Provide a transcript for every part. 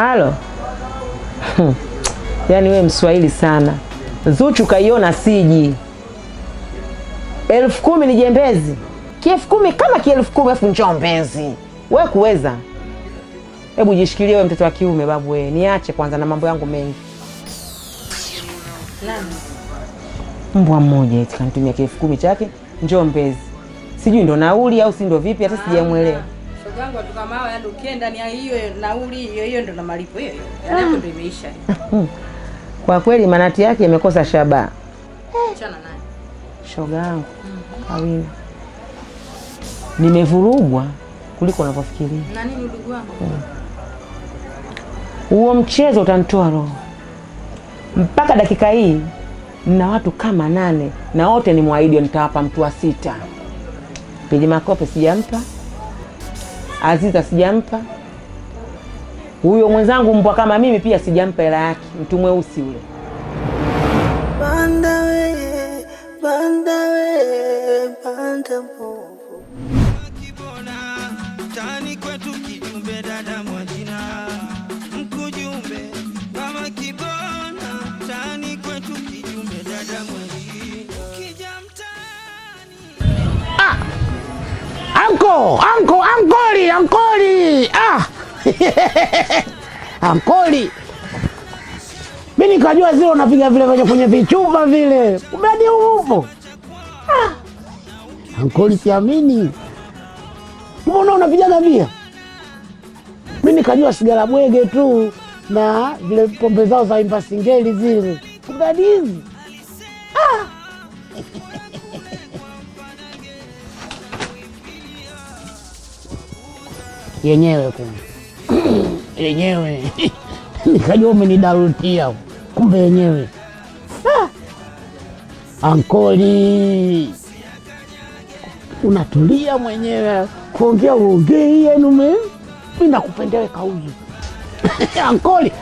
Halo. Hmm. Yaani we Mswahili sana. Zuchu kaiona siji. Elfu kumi ni jembezi. Kielfu kumi kama kielfu kumi afu njombezi. We kuweza. Hebu jishikilie wewe mtoto wa kiume babu we. Niache kwanza na mambo yangu mengi. Mbwa mmoja eti kanitumia kielfu kumi chake njombezi. Sijui ndo nauli au si ndo vipi hata ah. sijamuelewa. Shoga yangu yaani ukienda ni hiyo nauli hiyo hiyo ndo na malipo hiyo hiyo. Yaani ndo imeisha. Kwa kweli manati yake imekosa shaba Chana naye. Shoga yangu. Mhm. Kawina. Nimevurugwa kuliko unavyofikiria. Na nini ndugu wangu? Eh. Huo mchezo utanitoa roho. Mpaka dakika hii na watu kama nane na wote ni mwaidio, nitawapa mtu wa sita. Pili makope sijampa Aziza sijampa, huyo mwenzangu mbwa kama mimi pia sijampa hela yake, mtu mweusi yule. Banda we, banda we, banda Anko, ankoli, ankoli. Ah. Ankoli. mi nikajua zile unapiga vile venye kwenye vichupa vile. Umedi upo. Ah. Ankoli siamini. Mbona unapiga bia? mi nikajua sigara bwege tu na vile pombe zao za imbasingeli zile. Kumbe hizi. yenyewe ku yenyewe nikajua umenidarutia, kumbe yenyewe ankoli unatulia mwenyewe kuongea uongei yenu me mi nakupendele kauzu ankoli,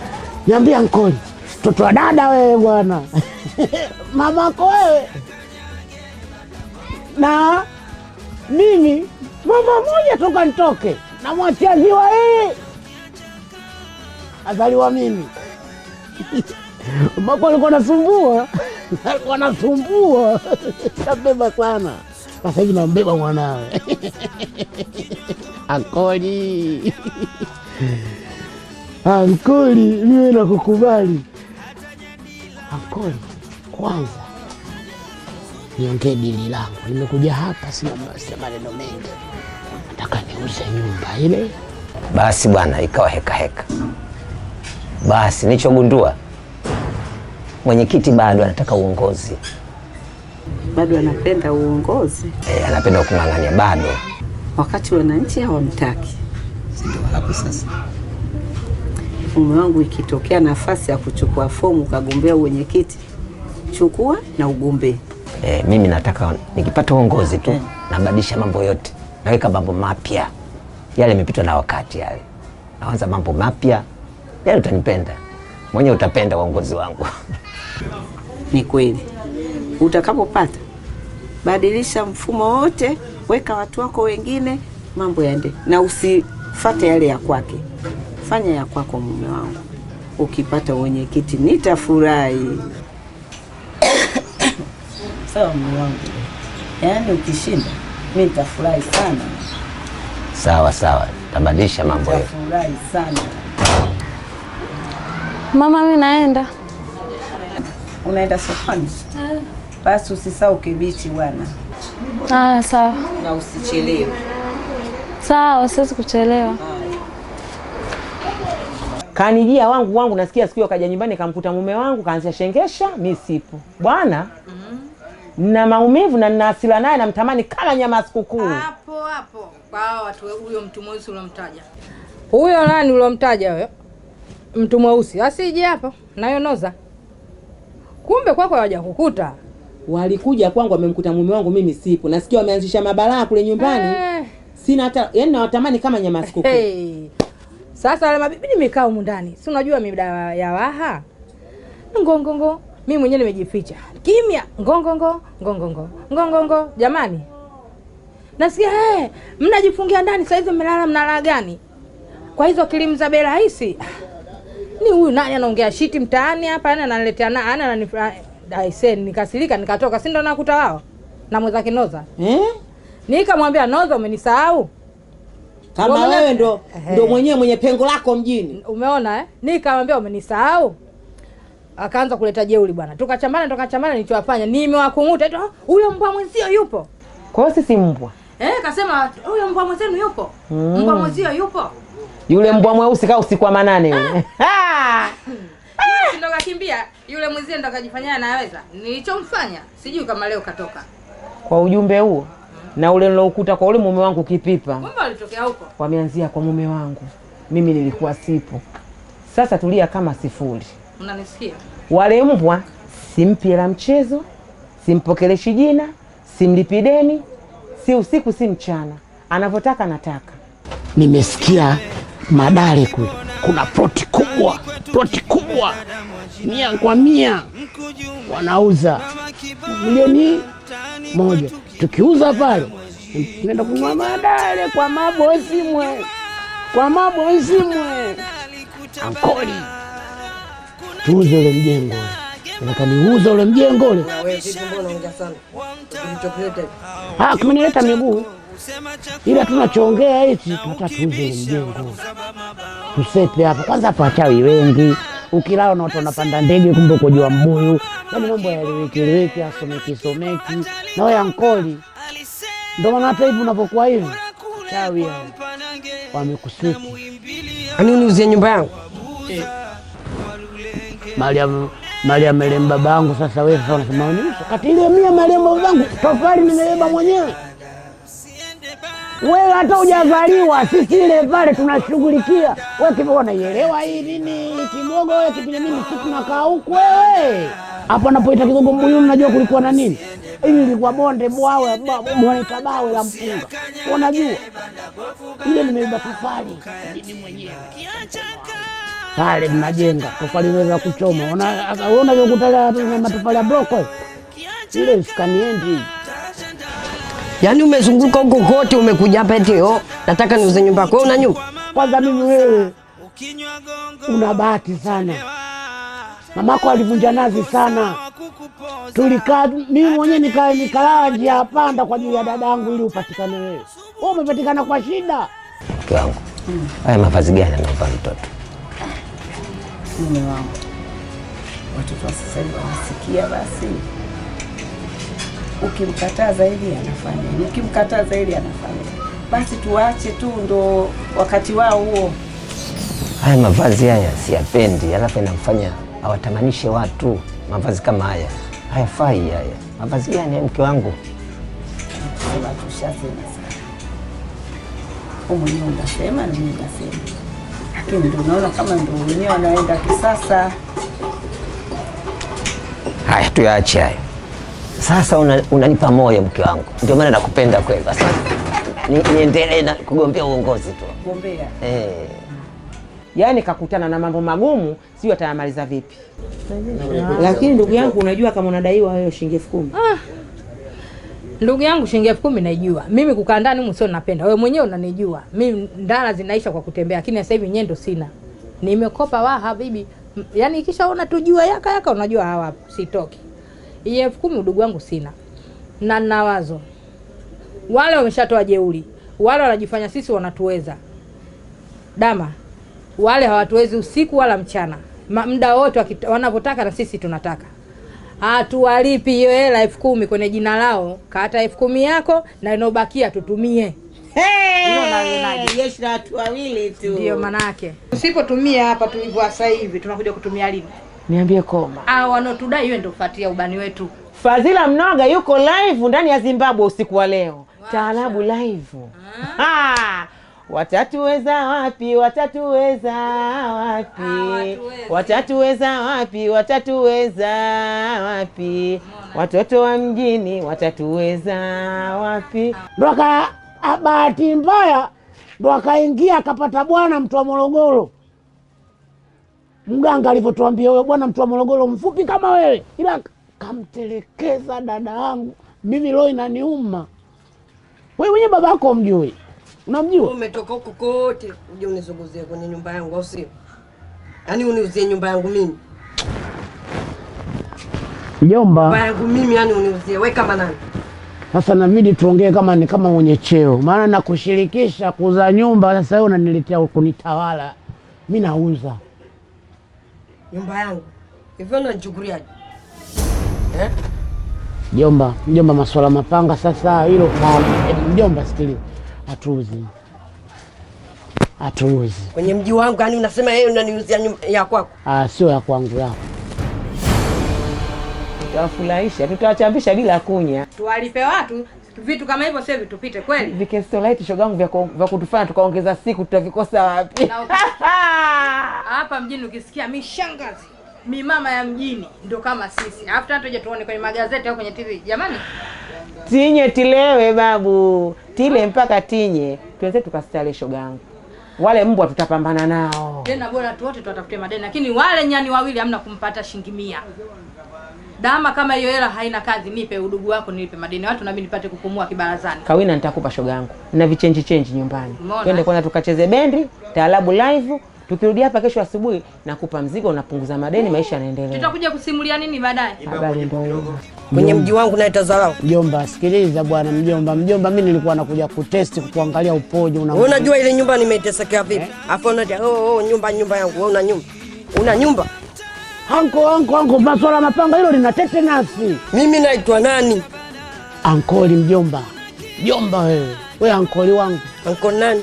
niambia ankoli, mtoto wa dada wewe bwana mamako wewe na mimi mama moja toka nitoke namwachia ziwa hii, azaliwa mimi mako alikuwa nasumbua, alikuwa nasumbua nabeba sana. Sasa hivi nambeba mwanawe ankoli ankoli, mimi nakukubali ankoli. Kwanza niongee dili langu, nimekuja hapa, sina maneno mengi kuuza nyumba ile. Basi bwana, ikawa heka heka. Basi nilichogundua mwenyekiti bado anataka uongozi, bado anapenda uongozi e, anapenda kung'ang'ania bado, wakati wananchi hawamtaki. Ndio hapo sasa mume wangu, ikitokea nafasi ya kuchukua fomu kagombea uwenyekiti, chukua na ugombee. E, mimi nataka nikipata uongozi tu, okay, eh. nabadilisha mambo yote naweka mambo mapya yale yamepitwa na wakati, yale naanza mambo mapya yale. Utanipenda mwenye utapenda uongozi wangu. Ni kweli, utakapopata badilisha mfumo wote, weka watu wako wengine, mambo yaende, na usifate yale ya kwake, fanya ya kwako. Mume wangu, ukipata wenyekiti nitafurahi. Sawa mume wangu, yaani ukishinda mimi nitafurahi sana. Sawa sawa, tabadilisha mambo yetu. Nitafurahi sana mama, mimi naenda. Unaenda sokoni? Basi usisahau kibichi bwana. Ah, sawa. Na usichelewe. Sawa, siwezi kuchelewa. Kanijia wangu wangu, nasikia siku hiyo kaja nyumbani kamkuta mume wangu kaanzia shengesha, mi sipo bwana na maumivu na ninaasila naye, namtamani kama nyama ya sikukuu. Hapo hapo kwa hao watu, huyo mtu mweusi uliomtaja, huyo nani uliomtaja huyo mtu mweusi asije hapo nayonoza. Kumbe kwako hawajakukuta, walikuja kwangu, wamemkuta mume wangu, mimi sipo. Nasikia wameanzisha mabalaa kule nyumbani hey. Eh. Sina hata yaani, nawatamani kama nyama ya sikukuu hey. Sasa wale mabibi nimekaa humu ndani, si unajua mida ya waha ngongongo mimi mwenyewe nimejificha kimya, ngongongo ngongongo ngongongo. Jamani, nasikia hey, eh, mnajifungia ndani saa hizi, mmelala mnalala gani kwa hizo kilimu za bei rahisi? Ni huyu nani anaongea shiti mtaani hapa, yani ananiletea na ana ananifurahiseni. Nikasirika nikatoka, si ndo nakuta wao na mweza kinoza eh? Nikamwambia Noza, umenisahau kama wewe ndo eh, ndo eh. mwenyewe mwenye pengo lako mjini, umeona eh? Nikamwambia umenisahau akaanza kuleta jeuri bwana, tukachambana tukachambana, nilichowafanya nimewakung'uta eti ah, huyo mbwa mwenzio yupo. Kwa hiyo sisi mbwa eh, kasema huyo mbwa mwenzenu yupo mm. mbwa mwenzio yupo yule mbwa mweusi kaa usiku wa manane yule ah. ah. ndo kakimbia yule mwenzie ndo kajifanyia anaweza. Nilichomfanya sijui kama leo katoka kwa ujumbe huo na ule nilokuta kwa ule mume wangu Kipipa. Kumbe alitokea huko, wameanzia kwa mume wangu, mimi nilikuwa sipo. Sasa tulia kama sifuri. Unanisikia? Wale mbwa simpi hela mchezo, simpokeleshi jina, simlipi deni, si usiku si mchana, anavyotaka nataka. Nimesikia Madale kule kuna ploti kubwa, ploti kubwa mia kwa mia wanauza milioni moja. Tukiuza pale tunaenda kununua Madale kwa mabosi mwe, kwa mabosi mwe ankoli tuuze ule mjengo ule. nataka niuze ule mjengo ule. Ah, kumenileta miguu ila tunachoongea hichi, tunataka tuuze ule mjengo tusepe hapa kwanza. Hapa wachawi wengi, ukilala watu wanapanda ndege, kumbe uko jua mbuyu. Yani mambo yaeleweki eleweki, asomeki someki na wewe nkoli. Ndo maana hata hivi unapokuwa hivi chawi wamekusikia. Ani uniuzie nyumba yangu eh. Mariam Mariam marehemu babangu. Sasa wewe sasa unasema nini? Kati ile mia marehemu babangu tofali nimeleba mwenyewe. Wewe hata hujavaliwa, sisi ile pale tunashughulikia. Wewe kivyo unaielewa hii nini? Kimogo wewe kipindi nini? sisi tunakaa huko wewe. Hapo anapoita kigogo mbuyu unajua kulikuwa na nini? Hii ilikuwa bonde bwawe bwawe kabawe la mpunga. Unajua? Ile nimeiba tofali mimi mwenyewe. Kiacha pale mnajenga tofali inaweza kuchoma. Unavyokuta matofali ya bloko ile sikaniende, Yani umezunguka huko kote, umekuja hapa eti oh, nataka niuze nyumba yako. Una nyumba kwanza? Mimi wewe una bahati sana, mamako alivunja nazi sana. Tulikaa mimi mwenyewe nikaa nikalala njia ya panda kwa ajili ya dadangu ili upatikane wewe. Wewe umepatikana kwa shida. Mke wangu, haya mavazi gani anavaa mtoto? mume wangu. Watoto wa sasa hivi wanasikia, basi ukimkataa zaidi anafanya, ukimkataa zaidi anafanya, basi tuwache tu, ndo wakati wao huo. Haya mavazi haya siyapendi, alafu inamfanya awatamanishe watu. Mavazi kama haya hayafai, haya mavazi gani mke wangu? Tusema tushasema, umwenyewe unasema na nasema lakini ndio unaona kama ndio wenyewe wanaenda kisasa. Haya, tuyaache hayo. Sasa unanipa una moyo mke wangu, ndio maana nakupenda kweli. Sasa niendelee ni kugombea uongozi tu, gombea eh. Yaani kakutana na mambo magumu, sio atayamaliza vipi? Lakini ndugu yangu, unajua kama unadaiwa wewe shilingi elfu kumi ah. Ndugu yangu shilingi elfu kumi naijua. Mimi kukaa ndani humu sio napenda. Wewe mwenyewe unanijua. Mimi ndala zinaisha kwa kutembea, lakini sasa hivi nyendo sina. Nimekopa wa habibi. Yaani ikishaona tu jua yaka yaka unajua hawa sitoki. Hii elfu kumi ndugu yangu sina. Na nina wazo. Wale wameshatoa jeuri. Wale wanajifanya sisi wanatuweza. Dama. Wale hawatuwezi usiku wala mchana. Muda wote wanapotaka na sisi tunataka hatuwalipi hiyo hela elfu kumi kwenye jina lao, kata elfu kumi yako na inaobakia tutumie. Jeshi la watu wawili tu, ndio manake usipotumia hapa tulivyo sasa hivi tunakuja kutumia lini? Niambie koma, Ah, wanaotudai wewe ndio kufuatia ubani wetu. Fadhila Mnoga yuko live ndani ya Zimbabwe usiku wa leo, Taarabu live ah. Watatuweza wapi? Watatuweza wapi? Ah, watatuweza wapi? Watatuweza wapi? Watoto wa mjini watatuweza wapi? Ndo ah. ah, bahati mbaya ndo akaingia akapata bwana mtu wa Morogoro. Mganga alivyotuambia huyo bwana mtu wa Morogoro mfupi kama wewe, ila kamtelekeza dada yangu mimi, leo inaniuma. Wewe mwenye baba yako mjui Unamjua? Umetoka huko kote uje unizunguzie kwenye nyumba yangu, au sio? Yaani uniuzie nyumba yangu mimi mjomba, nyumba yangu mimi, yani uniuzie wewe kama nani? Sasa nabidi tuongee kama ni kama mwenye cheo, maana nakushirikisha kuuza nyumba, sasa wewe unaniletea kunitawala Mimi Nauza nyumba yangu hivyo nachukuliaje eh? Jomba, jomba maswala mapanga sasa hilo mjomba, sikiliza Hatuuzi, hatuuzi kwenye mji wangu. Yani unasema yeye unaniuzia ya kwako? Ah, sio ya kwangu, yako. Tutawafurahisha, tutawachambisha bila kunya, tuwalipe watu vitu kama hivyo sio vitupite kweli. Vikesto Vikestolite shogangu vya kutufanya tukaongeza siku, tutavikosa wapi? Hapa mjini ukisikia mi shangazi, mi mama ya mjini, ndo kama sisi tuje tuone kwenye magazeti au kwenye TV. Jamani, tinye tilewe babu Tile mpaka Tinye, tuweze tukastale shogangu. Wale mbwa tutapambana nao. Tena bora tu wote tuwatafutie madeni, lakini wale nyani wawili hamna kumpata shilingi mia. Dama kama hiyo hela haina kazi, nipe udugu wako nilipe madeni. Watu na mimi nipate kupumua kibarazani. Kawina nitakupa shogangu. Na vichenji chenji nyumbani. Twende kwanza tukacheze bendi, taalabu live. Tukirudi hapa kesho asubuhi nakupa mzigo unapunguza madeni, maisha yanaendelea. Tutakuja kusimulia nini baadaye? Habari ndio kwenye mji wangu naita Zarau. Mjomba, sikiliza bwana mjomba, mjomba, mimi nilikuwa nakuja kutesti kuangalia upojo. una. Unajua ile nyumba nimeitesekea vipi? Eh? Afu unaja oh, oh, oh, nyumba nyumba yangu wewe una nyumba. Una nyumba? Anko anko anko, maswala mapanga hilo lina nasi. Mimi naitwa nani? Ankoli mjomba. Mjomba wewe. Wewe ankoli wangu. Anko nani?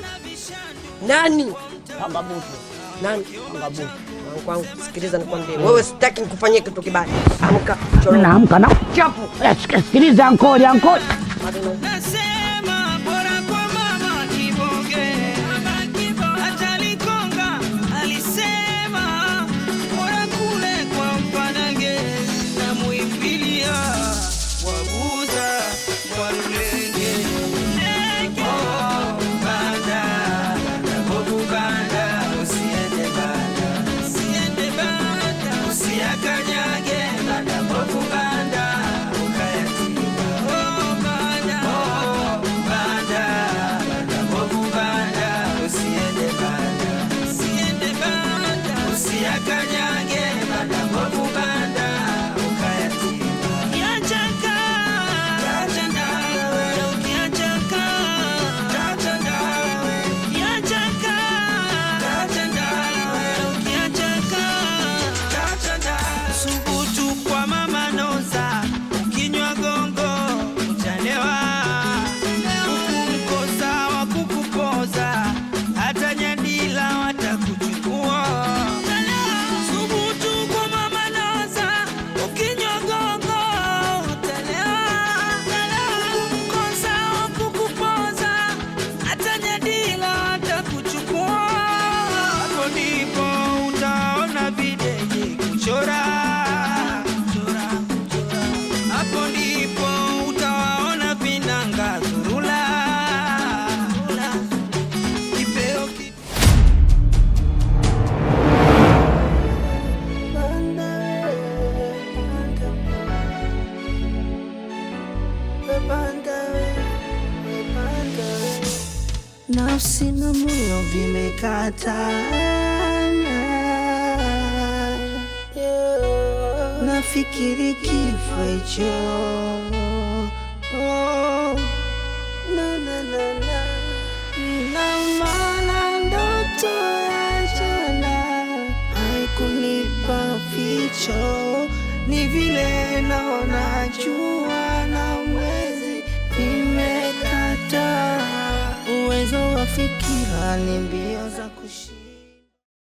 Nani? Panga butu. Nani? Panga butu. Sikiliza nikwambie, wewe sitaki nikufanyie kitu kibaya. Amka. Naamka na chapu. Sikiliza ankoli ankoli. Jackanya matala Nafikiri kifo hicho oh. na, ni vile naona jua na mwezi imekata uwezo wa fikira ni mbio